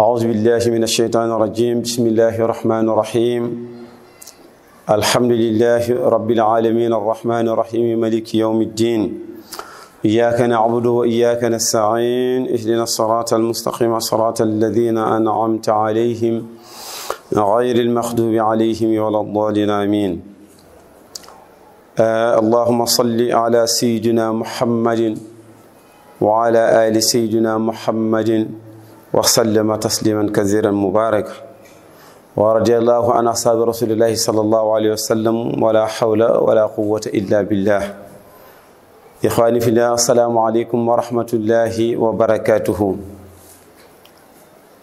أعوذ بالله من الشيطان الرجيم بسم الله الرحمن الرحيم الحمد لله رب العالمين الرحمن الرحيم ملك يوم الدين إياك نعبد وإياك نستعين اهدنا الصراط المستقيم صراط الذين أنعمت عليهم غير المغضوب عليهم ولا الضالين آمين آه اللهم صل على سيدنا محمد وعلى آل سيدنا محمد وسلم تسليما كثيرا مباركا ورضي الله عن اصحاب رسول الله صلى الله عليه وسلم ولا حول ولا قوه الا بالله اخواني في الله السلام عليكم ورحمه الله وبركاته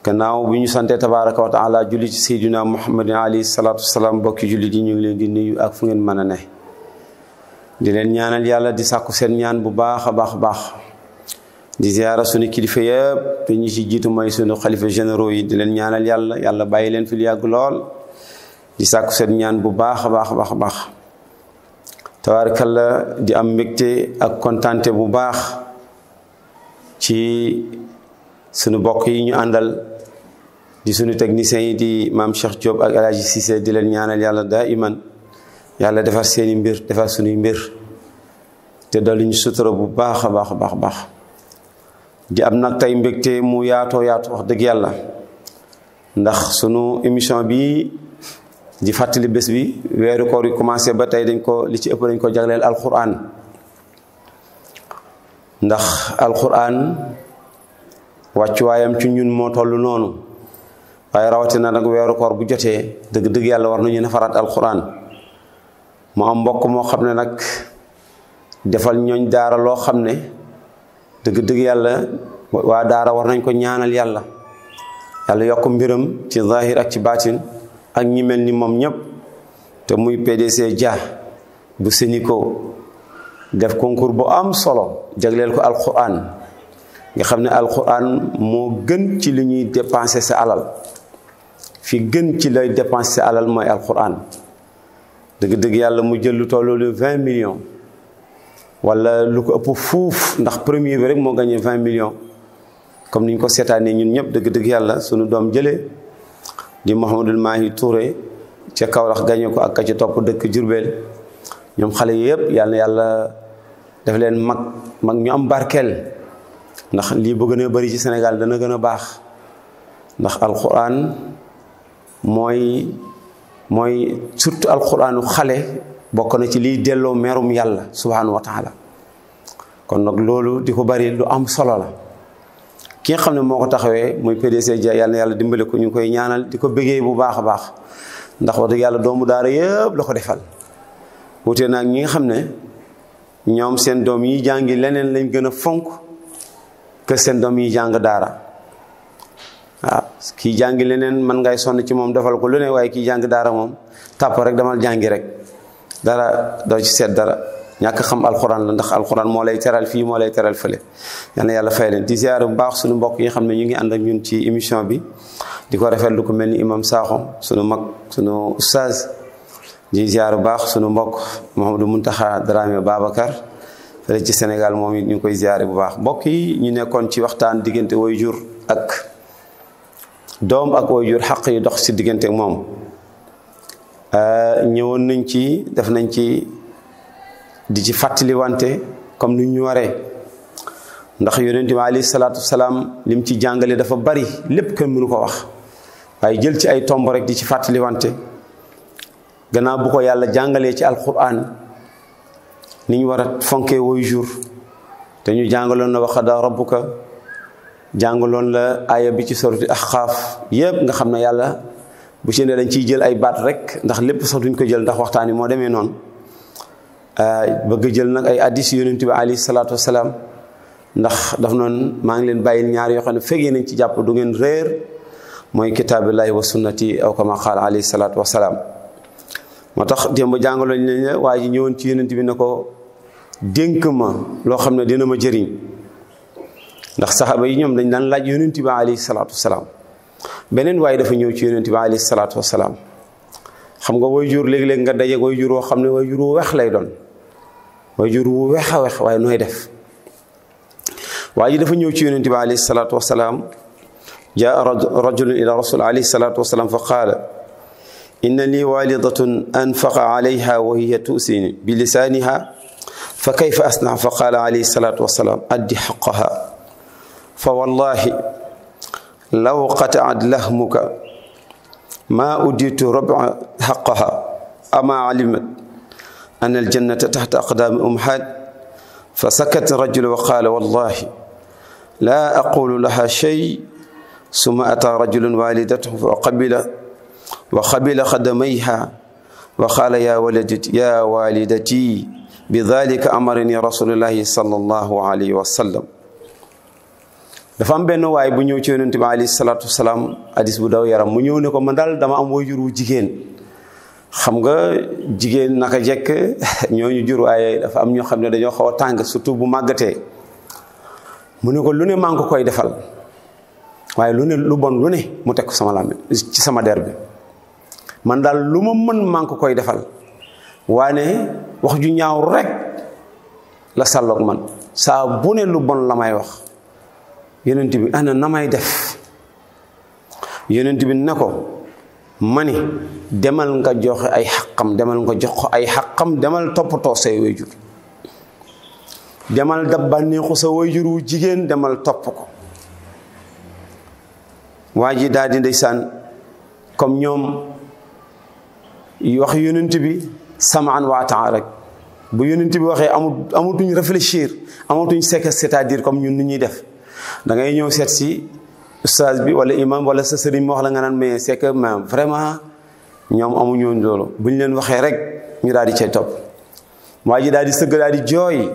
كناو بني سنت تبارك وتعالى جولي سيدنا محمد علي عليه الصلاه والسلام بك جولي دي نيو لين دي نيو اك فين مانا نه دي لين نيانال يالا دي ساكو سين نيان بو باخ باخ باخ di ziara sunu kilifa yëpp ñu ñi ci jiitu mooy sunu xalifa généraux yi di leen ñaanal yàlla yàlla bàyyi leen fi lu yàgg lool di sàkku seen ñaan bu baax a baax a baax a baax tabarakalla di am mbégte ak kontante bu baax ci sunu bokk yi ñu àndal di sunu techniciens yi di maam Cheikh Diop ak El Hadj Cissé di leen ñaanal yàlla daa iman yàlla defar seeni mbir defar sunuy mbir te dolli ñu sutura bu baax a baax a baax a baax di am nag tey mbégte mu yaatoo yaatu wax dëgg yàlla ndax sunu émission bi di fàttali bés bi weeru koor yi commencé ba tey dañ ko li ci ëpp dañ ko jagleel alquran ndax alquran wàccuwaayam ci ñun moo toll noonu waaye rawatina nag weeru koor bu jotee dëgg dëgg yàlla war nañu nafaraat alquran mu am mbokk moo xam ne nag defal ñooñ daara loo xam ne dëgg dëgg yàlla wa daara war nañ ko ñaanal yàlla yàlla yokk mbiram ci zahir ak ci batin ak ñi mel ni moom ñëpp te muy PDC Dia bu seniko def concours bu am solo jagleel ko alquran nga xam ne alquran moo gën ci li ñuy dépenser sa alal fi gën ci lay dépenser sa alal mooy alquran dëgg-dëgg yàlla mu jël lu tolloo lu vingt millions wala lu ko ëpp fuuf ndax premier bi rek moo gagné 20 millions. comme niñ ko seetaanee ñun ñëpp dëgg-dëgg yàlla sunu doom jële di Mouhamadul Mahi Touré ca Kaolack gañe ko ak ka topp dëkk Jurbel ñoom xale yëpp yàlla yàlla def leen mag mag ñu am barkeel ndax lii bu gën bari ci senegal dana gën a baax ndax alquran mooy mooy surtout alquranu xale bokk na ci liy delloo merum yàlla subhanahu wa taala kon nag loolu di ko bari lu am solo la ki nga xam ne moo ko taxawee muy PDC Dia yàlla na yàlla dimbali ko ñu koy ñaanal di ko bëggee bu baax a baax ndax wax yàlla doomu daara yëpp la ko defal wutee nag ñi nga xam ne ñoom seen doom yi jàngi leneen lañ gën a fonk que seen doom yi jàng daara waaw ah, kii jàngi leneen man ngay sonn ci moom defal ko lu ne waaye ki jàng daara moom tàpp rek damal jàngi rek dara doo ci seet dara ñàkk xam alxuraan la ndax alxuraan moo lay teral fii moo lay teral fële yal yàlla fay leen di ziare bu baax suñu mbokk yi nga ne ñu ngi ànd ak ñun ci émission bi di ko rafetlu ku mel ni imam Sakho suñu mag suñu ustaaz di ziare bu baax suñu mbokk Mouhamadou Mountakha Dramé Babacar fële ci Sénégal moom it ñu ngi koy ziare bu baax mbokk yi ñu nekkoon ci waxtaan diggante way jur ak doom ak way jur xaq yi dox ci diggante moom euh, ñëwoon nañ ci def nañ ci. di ci fàttaliwante comme ni ñu waree ndax yonent bi alayhi salaatu salaam lim ci jàngale dafa bari lépp kenn mënu ko wax waaye jël ci ay tomb rek di ci fàttaliwante gannaaw bu ko yàlla jàngalee ci alquran ni ñu war a fonkee woy jour te ñu jàngaloon na waxada rabbuka jàngaloon la aaya bi ci sorti axxaaf yépp nga xam ne yàlla bu ci ne dañ ciy jël ay baat rek ndax lépp sax duñ ko jël ndax waxtaan yi moo demee noonu Euh, bëgg jël nag ay addis yonent bi alayhi salaam ndax daf noon maa ngi leen bàyyil ñaar yoo xam ne feggee nañ ci jàpp du ngeen reer mooy kitaabillahi wa sunnati aw kama qaala alayhi salaatu wasalaam moo tax ba jàngaloñ lañ la waa ji ñëwoon ci yonent bi ne ko dénk ma loo xam ne dina ma jëriñ ndax saxaaba yi ñoom dañ daan laaj yonent bi alayhi salaatu beneen waaye dafa ñëw ci yonent bi alayhi salaatu wasalaam xam nga way jur léegi xam ne way jur wu waa ji dafa ñëw ci yonente bi alayhi salaatu wasalaam jaa rajulun ila rasul alayhi salaatu wasalaam fa qaala inna lii waalidatun anfaqa alayha wa hiya tusini bi lisaaniha fa kayfa asnaa fa qaala alayhi addi xaqaha fa wallahi law qataat lahmuka ما أديت ربع حقها أما علمت أن الجنة تحت أقدام أمهات فسكت الرجل وقال والله لا أقول لها شيء ثم أتى رجل والدته وقبل وقبل قدميها وقال يا ولدتي يا والدتي بذلك أمرني رسول الله صلى الله عليه وسلم dafa am benn waay bu ñëw ci yonente bi alayhi salaatu wasalaam hadis bu daw yaram mu ñëw ne ko man daal dama am way juru jigéen xam nga jigéen naka jekk ñooñu jur waaye dafa am ñoo xam ne dañoo xaw a tàng surtout bu màggatee mu ne ko lu ne maa ngi ko koy defal waaye lu ne lu bon lu ne mu teg ko sama ci sama der bi man daal lu ma mën maa ko koy defal wane wax ju ñaaw rek la sàlloog man saa bu ne lu bon la wax yonent bi ana na may def yonent bi ne ko mani demal nga joxe ay demal nga jox ko ay xaqam demal toppatoo say wayjur demal dab bànneexu sa wayjur wu jigéen demal topp ko waa ji daal di ndeysaan comme ñoom wax yonent bi samaan wa ataa rek bu yonent bi waxee amut amatuñ réfléchir amatuñ sekk c'est-à-dire comme ñun ni ñuy def da ngay ñëw seet si ustaas bi wala imam wala sa sëriñ ma wax la nga naan mais c'est que maam vraiment ñoom amuñu loolu bu ñu leen waxee rek ñu daal di cay topp waa ji daal di sëgg daal di jooy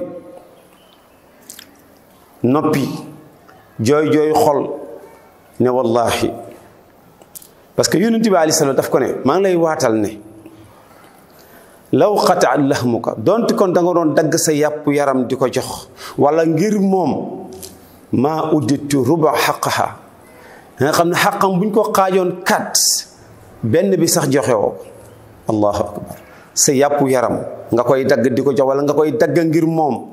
noppi jooy jooy xol ne wallahi parce que yonent bi aleyhi salaam daf ko ne maa ngi lay waatal ne law xataa lahmuka donte kon da nga doon dagg sa yàpp yaram di ko jox wala ngir moom ma uditu ruba haqqaha nga xamne haqqam buñ ko xajon kat ben bi sax Allah allahu akbar sa yaram nga koy dag diko jowal nga koy dag ngir mom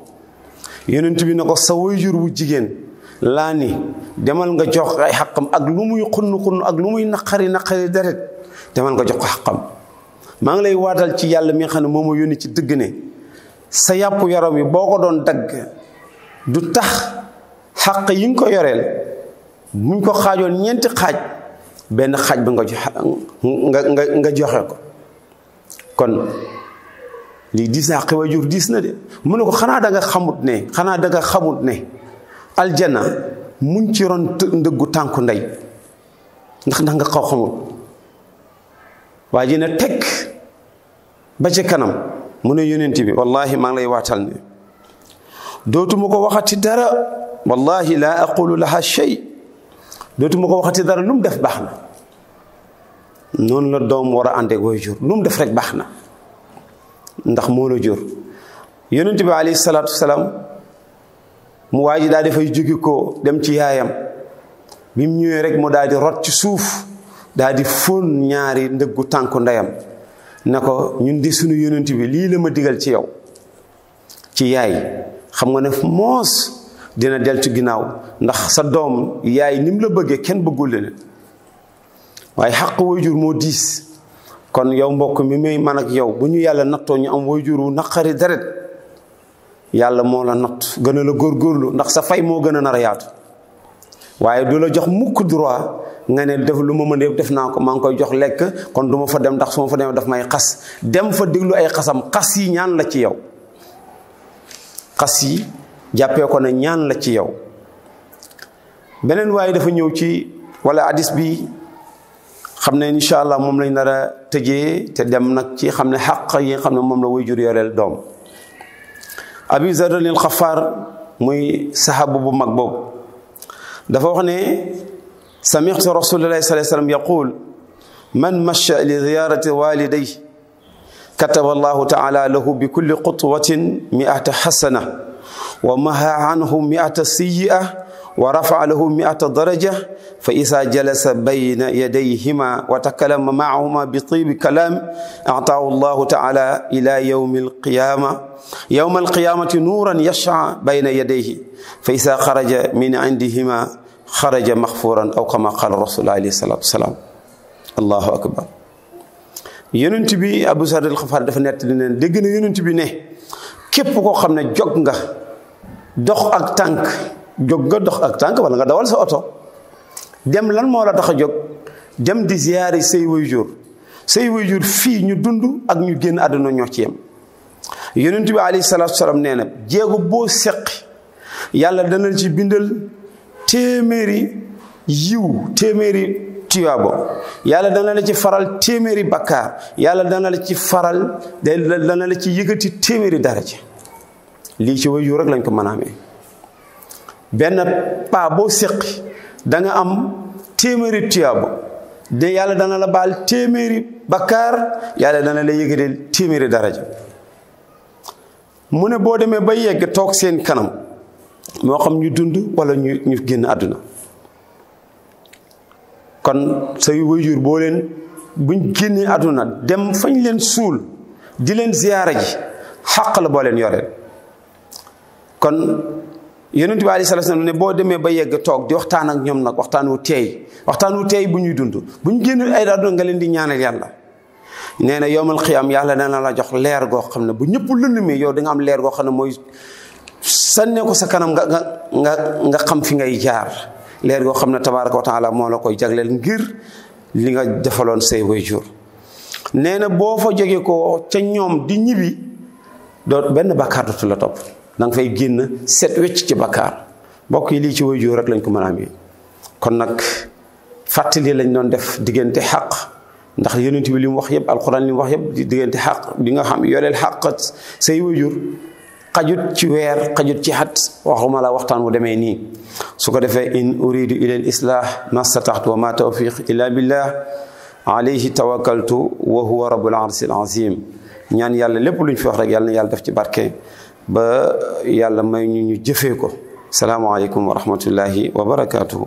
yonent bi nako sa wayjur wu jigen lani demal nga jox ay haqqam ak lu muy khun khun ak lu muy naqari naqari deret demal nga jox haqqam ma ngi lay wadal ci yalla mi xamne momo yoni ci deug ne sa yapp yaram yi boko don dag du tax xaq yi nga ko yoreel buñ ko xaajoon ñeenti xaaj benn xaaj bi nga nga nga nga joxe ko kon lii diis naa xew a jur diis na de mu ne ko xanaa da xamut ne xanaa da nga xamut ne aljana mu ci ron ndëggu tànku ndey ndax ndax nga xaw xamut waa ji teg ba ci kanam mu ne yonent bi wallahi maa lay waatal ne dootuma ko waxati dara wallahi laa aqulu laha shay dootuma ko waxati dara lu def baax na noonu la doom war a àndee gooy jur lu def rek baax na ndax moo la jur yonent bi alayhi salaatu mu waa ji daal dafay jóge ko dem ci yaayam bi mu ñëwee rek mu daal di rot ci suuf daal di fóon ñaari ndëggu tànku ndeyam ne ko ñun di sunu yonent bi lii la ma digal ci yow ci yaay xam nga ne moos dina deltu ginnaaw ndax sa doom yaay ni la bëggee kenn bëggul leen waaye xaq jur moo diis kon yow mbokk mi muy man ak yow bu ñu yàlla nattoo ñu am jur wu naqari deret yàlla moo la natt gën a la góorgóorlu ndax sa fay moo gën a nar yaatu waaye du la jox mukk droit nga ne def lu ma mën yëpp def naa ko maa ngi koy jox lekk kon du ma fa dem ndax su fa dem dafa may xas dem fa diglu ay xasam xas yi ñaan la ci yow xas yi jàppe ko ne ñaan la ci yow beneen waaye dafa ñëw ci wala hadis bi xam ne incha allah moom lañ nar a tëjee te dem nag ci xam ne xàq yi nga xam ne moom la way jur yoreel doom abi zaralil xafaar muy sahabu bu mag boobu dafa wax ne samixtu rasulullahi sallallahu alayhi wasallam yaqul man masha li ziyarati walidayhi كتب الله تعالى له بكل قطوة مئة حسنة ومها عنه مئة سيئة ورفع له مئة درجة فإذا جلس بين يديهما وتكلم معهما بطيب كلام أعطاه الله تعالى إلى يوم القيامة يوم القيامة نورا يشع بين يديه فإذا خرج من عندهما خرج مغفورا أو كما قال الرسول عليه الصلاة والسلام الله أكبر ينتبي أبو Abu الخفار al لنا dafa ينتبي نه كيف na yonent dox ak tànk jóg nga dox ak tànk wala nga dawal sa oto dem lan moo la tax a jóg dem di ziyaare say waajur say waajur fii ñu dund ak ñu génn àdduna ñoo ci yem yonent bi alayhi salaam nee na jéego boo seq yàlla dana ci bindal téeméeri yiw téeméeri tuyaabo yàlla dana la ci faral téeméeri bakkaar yàlla dana la ci faral dana la ci yëkkati téeméeri daraja lii ci waajur rek lañ ko mën benn paa boo séqi da am téeméeri tuyaaba de yàlla dana la baal téeméeri bakkaar yàlla dana la yëgadeel téeméeri daraja mu ne boo demee ba yegg toog seen kanam moo xam ñu dund walla ñu génn àdduna kon say waajur boo leen buñ génnee àdduna dem fañ leen suul di leen ziyaara ji xàq la boo leen yoreel kon yonent bi aleyhi salaatu ne boo demee ba yegg toog di waxtaan ak ñoom nag waxtaan wu teey waxtaan wu teey bu ñuy dund bu ñu génn ay daaduna nga leen di ñaanal yàlla nee na yowmal am yàlla dana la jox leer goo xam ne bu ñëpp lëndëmee yow da nga leer goo xam ne mooy sànnee ko sa kanam nga nga nga xam fi ngay jaar leer goo xam ne tabaaraka wa moo la koy jagleel ngir li nga defaloon say waajur nee na boo fa jógee ko ca ñoom di ñibbi doo benn bàkkaar dootu la topp nanga fay génn set wecc ci bakkaar mbokk yi lii ci way jur lañ ko mën a amee kon nag fàttali lañ noon def diggante xaq ndax yonent bi li mu wax yëpp alxuraan li wax yëpp diggante xaq bi nga xam yoreel xaq say wayjur xajut ci weer xajut ci xat waxuma la waxtaan wu demee nii su ko defee in uridu ila l islah ma stataxtu wa ma tawfiq illa billah alayhi tawakkaltu wa huwa rabbul arsil azim ñaan yàlla lépp luñ fi wax rek yàlla na yàlla def ci barke ba yàlla may ñu jëfeeko jëfee ko salaamaaleykum wa rahmatullahi wa barakaatuhu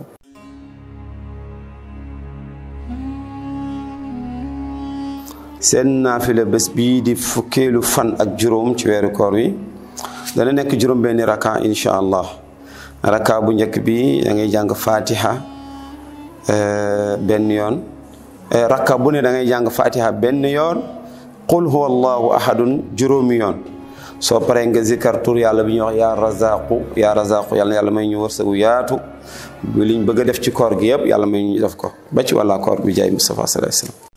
seen naafila bés bii di fukkeelu fan ak juróom ci weeru koor wi dana nekk juróom benni raka incha allah raka bu njëkk bi da ngay jàng fatiha eh, benn yoon eh, raka bu ne dangay jàng fatiha benn yoon qul huwa allahu ahadun juróomi yoon soo paree nga zikar tur yàlla bi ñu wax ya razaqu ya razaqu yalla yalla may ñu wërsegu yaatu bi liñ bëgg def ci koor gi yëpp yalla may ñu def ko ba ci wala koor bi jay Mustafa sallallahu alayhi wasallam